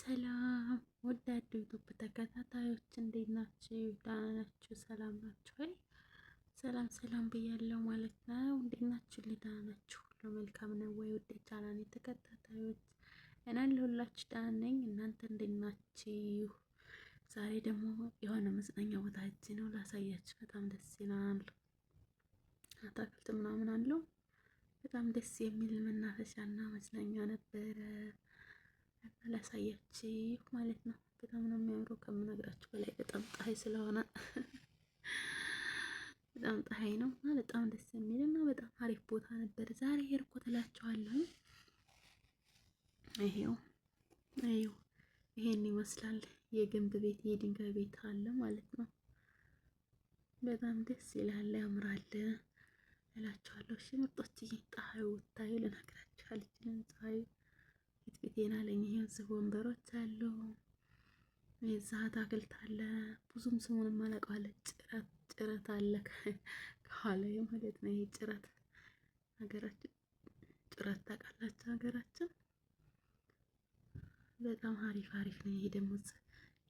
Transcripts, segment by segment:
ሰላም ወዳድ ዩቱብ ተከታታዮች እንዴት ናችሁ? ደህና ናችሁ? ሰላም ናችሁ ወይ? ሰላም ሰላም ብያለሁ ማለት ነው። እንዴት ናችሁ? ደህና ናችሁ? ሁሉ መልካም ነው ወይ? ውድ ቻናሌ ተከታታዮች እና ለሁላችሁ ደህና ነኝ። እናንተ እንዴት ናችሁ? ዛሬ ደግሞ የሆነ መዝናኛ ቦታ ሂጅ ነው ላሳያችሁ። በጣም ደስ ይላል። አታክልት ምናምን አለው። በጣም ደስ የሚል መናፈሻና መዝናኛ ነበረ። ላሳያችሁ ማለት ነው። በጣም ነው የሚያምረው ከምነግራችሁ በላይ በጣም ፀሐይ ስለሆነ በጣም ፀሐይ ነው እና በጣም ደስ የሚል እና በጣም አሪፍ ቦታ ነበር ዛሬ ሄድኩት እላችኋለሁ። ይሄው ይሄው ይሄን ይመስላል የግንብ ቤት የድንጋይ ቤት አለ ማለት ነው። በጣም ደስ ይላል ያምራል እላችኋለሁ። እሺ ምርጦችዬ ፀሐይ ውታይ እዚህ ወንበሮች አሉ። የዛ አታክልት አለ። ብዙም ስሙንም ማለቀው አለ። ጭረት ጭረት አለ ከኋላ ማለት ነው። ይሄ ጭረት ሀገራችን ጭረት ታውቃላችሁ? ሀገራችን በጣም አሪፍ አሪፍ ነው። ይሄ ደግሞ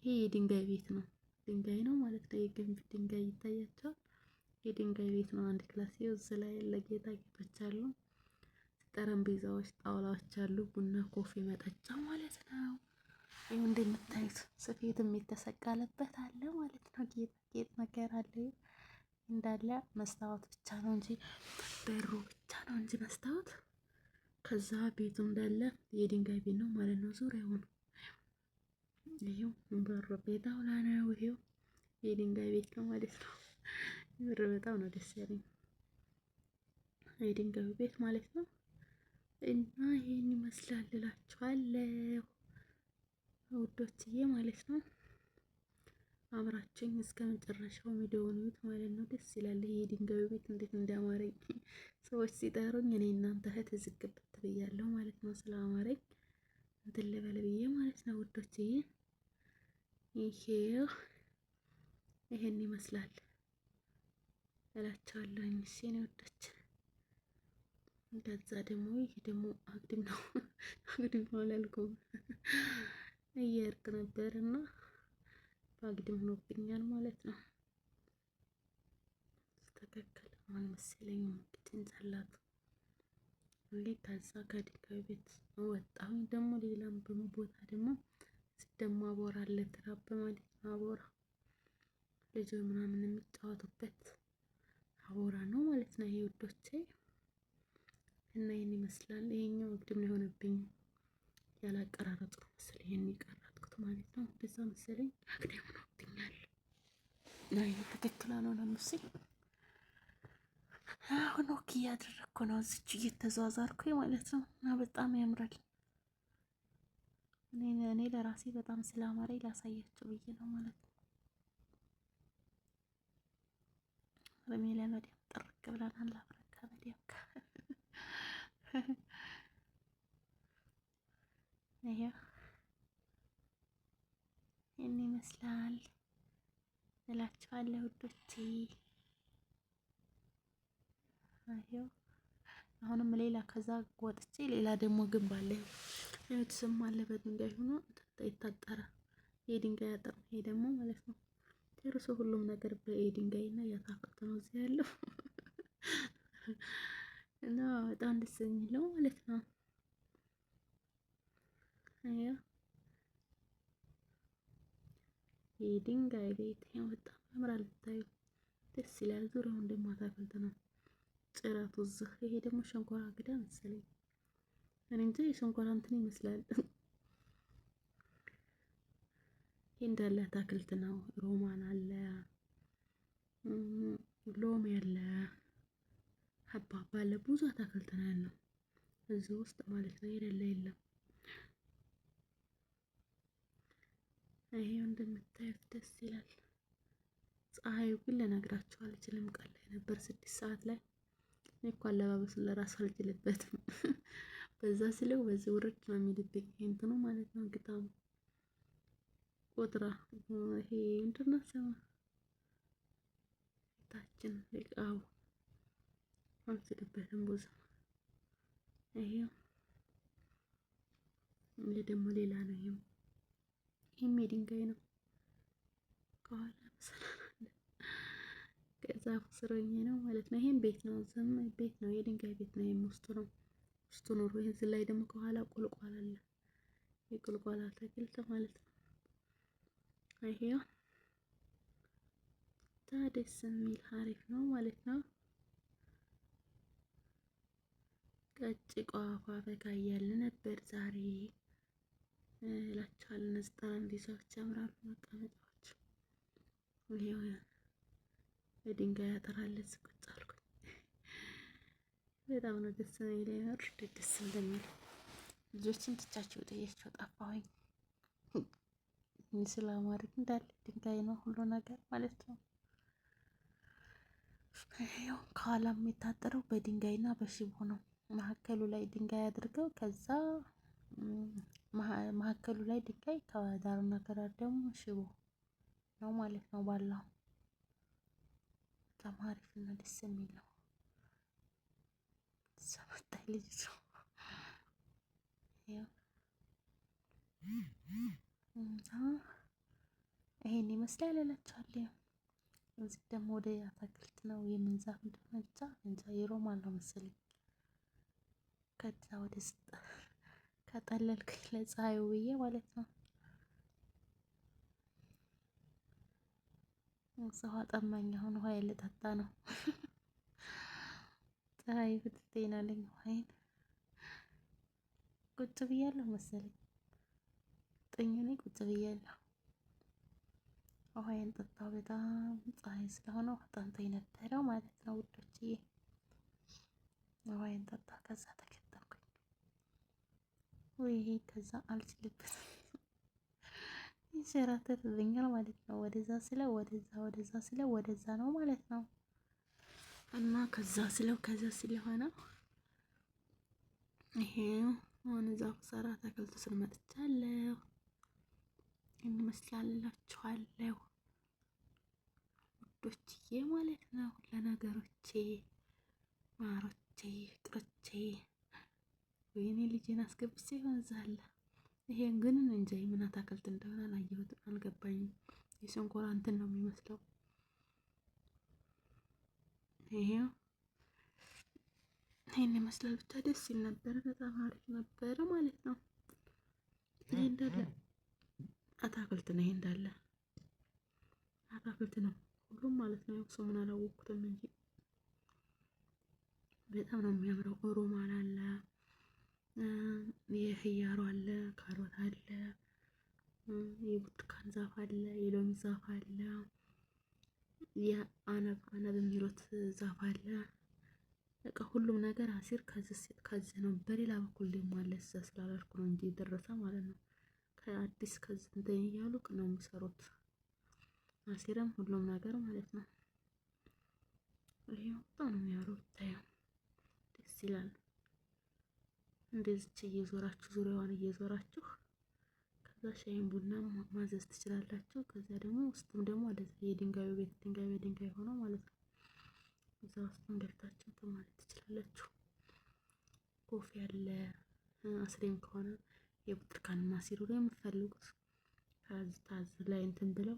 ይሄ የድንጋይ ቤት ነው። ድንጋይ ነው ማለት ነው። የግንብ ድንጋይ ይታያቸዋል። የድንጋይ ቤት ነው። አንድ ክላስ ይኸው እዚህ ላይ ያለ ጌጣጌጦች አሉ። ጠረጴዛዎች፣ ጣውላዎች አሉ። ቡና ኮፊ መጠጫ ማለት ነው። ይህ እንደምታዩት ስፌትም የተሰቀለበት አለ ማለት ነው። ጌጣጌጥ ነገር አለ እንዳለ። መስታወት ብቻ ነው እንጂ በሩ ብቻ ነው እንጂ መስታወት። ከዛ ቤቱ እንዳለ የድንጋይ ቤት ነው ማለት ነው። ዙሪያውን ይኸው በሩ ጣውላ ነው። ይሄው የድንጋይ ቤት ነው ማለት ነው። ብር በጣም ነው ደስ ያለኝ የድንጋዩ ቤት ማለት ነው። እና ይህን ይመስላል እላችኋለሁ ውዶችዬ ማለት ነው። አብራችሁኝ እስከ መጨረሻው ቪዲዮውን እዩት ማለት ነው። ደስ ይላል። ይሄ የድንጋዩ ቤት እንዴት እንዳማረኝ ሰዎች ሲጠሩኝ እኔ እናንተ እህት ዝግብት ብያለሁ ማለት ነው። ስለአማረኝ እንትን ልበል ብዬ ማለት ነው ውዶችዬ። ይሄ ይሄን ይመስላል እላቸዋለሁ። እሺ ነው ውዶች። ከዛ ደግሞ ይሄ ደግሞ አግድም ነው። አግድም ነው አላልኩም፣ እየእርቅ ነበር እና በአግድም ሆኖብኛል ማለት ነው። ተከከለ አልመሰለኝም እንግዲህ እንጸላት እንግዲህ ከዛ ከድጋሚ ቤት ወጣሁ። ደግሞ ሌላም ቦታ ደግሞ ደግሞ አቧራ አለ ትራብ ማለት ነው። አቧራ ልጆች ምናምን የሚጫወቱበት አቧራ ነው ማለት ነው ይሄ ውዶቼ እና ይህን ይመስላል። ይሄኛው እንግዲህ ምን የሆነብኝ ያላቀራረጡ ነው መሰለኝ ይሄን የቀረጥኩት ማለት ነው። በዛ መሰለኝ አግዳ ሆኖብኛል። ላይ ትክክል አልሆነም መሰል። አሁን ኦኬ እያደረግኩ ነው፣ እዚች እየተዟዟርኩ ማለት ነው። እና በጣም ያምራል። እኔ ለራሴ በጣም ስላማረኝ ላሳያቸው ብዬ ነው ማለት ነው። ረሜ ለመዲያም ጥርቅ ብለናል። አብረካ መዲያም ጋር ይሄው ይህን ይመስላል እላችኋለሁ ውዶቼ። ይሄው አሁንም ሌላ ከዛ ወጥቼ ሌላ ደግሞ ግንብ አለ። ይሄው ስም አለ በድንጋይ ሆኖ ይታጠራ። የድንጋይ አጥር ይሄ ደግሞ ማለት ነው። ጨርሶ ሁሉም ነገር በድንጋይና እያጣፈጠ ነው እዚህ ያለው እና በጣም ደስ የሚለው ማለት ነው። አያ የድንጋይ ቤት ያው በጣም ያምራል፣ ብታዩ ደስ ይላል። ዙሪያውን ደግሞ አታክልት ነው ጭራቱ እዚህ። ይሄ ደግሞ ሸንኮራ አገዳ መሰለኝ እኔ እንጂ የሸንኮራ እንትን ይመስላል። ይሄ እንዳለ አታክልት ነው። ሮማን አለ፣ ሎሚ አለ ባለ ብዙ አታክልት ነው ያለው እዚህ ውስጥ ማለት ነው። የሌለ የለም። ይሄው እንደምታዩት ደስ ይላል። ፀሐዩ ግን ልነግራችሁ አልችልም። ቀን ላይ ነበር ስድስት ሰዓት ላይ እኔ እኮ አለባበሱን ለራሱ አልችልበትም። በዛ ስለው በዚህ ውርድ ነው የሚልብኝ እንትኑ ማለት ነው ግጣሙ ቁጥራ ይሄ ምንድነው ታችን ሊቃው አንስልበትም ብዙ ይሄ ይህ ደግሞ ሌላ ነው። ይሄም ይሄም የድንጋይ ነው። ከኋላ መሰላል ከዛፉ ስረኝ ነው ማለት ነው። ይሄም ቤት ነው። እዛም ቤት ነው። የድንጋይ ቤት ነው። ይሄም ውስጡ ነው። ውስጡ ኑሮ ይሄ ላይ ደግሞ ከኋላ ቁልቋል አለ። የቁልቋል አትክልት ማለት ነው። ይሄ ታዲያ ደስ የሚል አሪፍ ነው ማለት ነው። ጨቅጭቋ ፈካ እያለ ነበር ዛሬ እላችኋለሁ። እነዚህ ጠረጴዛዎች ያምራሉ፣ መቀመጫዎች። ይሄው በድንጋይ አጠራለት ስቁጭ አልኩኝ። በጣም ነው ደስ የሚል ይኖር ደስ እንደሚል ልጆችን ትቻቸው ጥያቸው ጠፋሁኝ። ምስላ ማድረግ እንዳለ ድንጋይ ነው ሁሉ ነገር ማለት ነው። ይኸው ከኋላ የሚታጠረው በድንጋይና በሽቦ ነው። መሀከሉ ላይ ድንጋይ አድርገው ከዛ መሀከሉ ላይ ድንጋይ ከዳርና ከዳር ደግሞ ሽቦ ነው ማለት ነው። ባላው በጣም አሪፍ እና ደስ የሚል ነው። ሰበታ ልጅ ይሄን ይመስላል እላችኋለሁ። እዚህ ደግሞ ወደ አታክልት ነው የምንዛፍ እንደሆነ ብቻ እንጃ የሮማን ነው መሰለኝ ከዛ ወደ ስጥ ከጠለልክ ለፀሐዩ ብዬ ማለት ነው። ውሃ ጠማኝ። አሁን ውሃ ልጠጣ ነው። ፀሐይ ፍትቴን አለኝ። ውሃይን ቁጭ ብያለሁ መሰለኝ ጥኝ ላይ ቁጭ ብያለሁ። ውሃይን ጠጣሁ። በጣም ፀሐይ ስለሆነ ውሃ ጠምቶኝ ነበረው ማለት ነው ውዶችዬ። ውሃይን ጠጣ ከዛ ተከ ወይ ከዛ አልችልበትም ይንሸራተትብኛል ማለት ነው። ወደዛ ስለ ወደዛ ወደዛ ስለ ወደዛ ነው ማለት ነው። እና ከዛ ስለው ከዛ ስለሆነ ይሄ አሁን እዛ ሰራ ተከልቶ ስለመጥቻለሁ እንመስላላችኋለሁ ውዶችዬ ማለት ነው። ለነገሮቼ ማሮቼ ፍቅሮቼ ወይኔ ልጄን አስገብቼ ይሆንዛለ። ይሄ ግን እንጃ የምን አታክልት እንደሆነ አላየሁትም፣ አልገባኝም። የሸንኮራ እንትን ነው የሚመስለው። ይሄው ይሄን ይመስላል። ብቻ ደስ ይል ነበረ፣ በጣም አሪፍ ነበረ ማለት ነው። ይሄ እንዳለ አታክልት ነው። ይሄ እንዳለ አታክልት ነው ሁሉም ማለት ነው። ስሙን አላወቅኩትም እንጂ በጣም ነው የሚያምረው። ሮማን አለ የህያሮ አለ፣ ካሮት አለ፣ የብርቱካን ዛፍ አለ፣ የሎሚ ዛፍ አለ፣ የአነብ አነብ የሚሉት ዛፍ አለ። በቃ ሁሉም ነገር አሲር ከዚህ ነው። በሌላ በኩል ደግሞ አለ እዛ ስላላልኩ ነው እንጂ የደረሰ ማለት ነው። ከአዲስ ከዚህ እንትን እያሉ ነው የሚሰሩት አሲርም ሁሉም ነገር ማለት ነው። ይሄ በጣም ነው የሚያምረው ደስ ይላል። እንደዚች እየዞራችሁ ዙሪያዋን እየዞራችሁ ከዛ ሻይን ቡና ማዘዝ ትችላላችሁ። ከዛ ደግሞ ውስጥም ደግሞ ወደዛ የድንጋዩ ቤት ድንጋይ በድንጋይ ሆኖ ማለት ነው። እዛ ውስጥም ገብታችሁ ማለት ትችላላችሁ። ኮፍ ያለ አስሬም ከሆነ የብርቱካን ማሲሮ ላይ የምትፈልጉት ታዝ ታዝ ላይ እንትን ብለው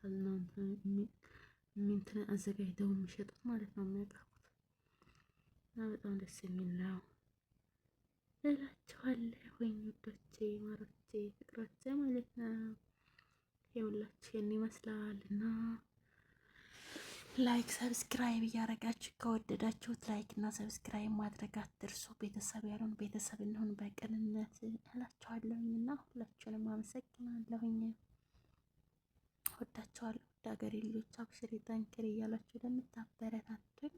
ታዝ ነው እንትን አዘጋጅተው የሚሸጡት ማለት ነው የሚያቀርቡት እና በጣም ደስ የሚል ነው። እላችኋለሁኝ ውዶቼ ማሮቼ ፍቅሮቼ ማለት ነው። የሁላችሁ ይህን ይመስላል እና ላይክ ሰብስክራይብ እያደረጋችሁ ከወደዳችሁት ላይክ እና ሰብስክራይብ ማድረግ አትርሱ። ቤተሰብ ያልሆን ቤተሰብ እንሆን በቅንነት እላችኋለሁኝ እና ሁላችሁንም አመሰግናለሁኝ። ወዳችኋለሁ። ውድ ሀገሬ ልጆች አብሽሪ ጠንክሪ እያላችሁ ለምታበረታቱኝ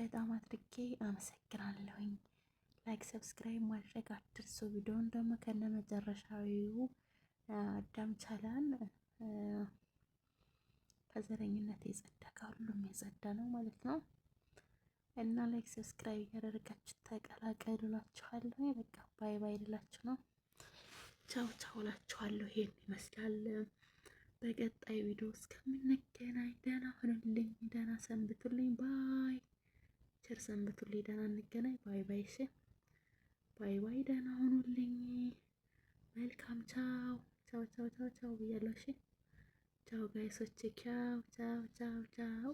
በጣም አድርጌ አመሰግናለሁኝ። ላይክ ሰብስክራይብ ማድረግ አትርሱ። ቪዲዮን ደግሞ ከነ መጨረሻዊው አዳም ቻላን ከዘረኝነት የጸዳ ከሁሉም የጸዳ ነው ማለት ነው እና ላይክ ሰብስክራይብ እያደረጋችሁ ተቀላቀሉ እላችኋለሁ። በቃ ባይ ባይ ልላችሁ ነው። ቻው ቻው እላችኋለሁ። ይሄን ይመስላል። በቀጣይ ቪዲዮ እስከምንገናኝ ደህና ሁኑልኝ፣ ደህና ሰንብቱልኝ። ባይ ቸር ሰንብቱልኝ። ደህና እንገናኝ። ባይ ባይ። እሺ ባይ ባይ። ደህና ሁኑልኝ። መልካም ቻው ቻው ቻው ቻው ቻው ብያለሁ። እሺ ቻው ጋይሶች ቻው ቻው ቻው ቻው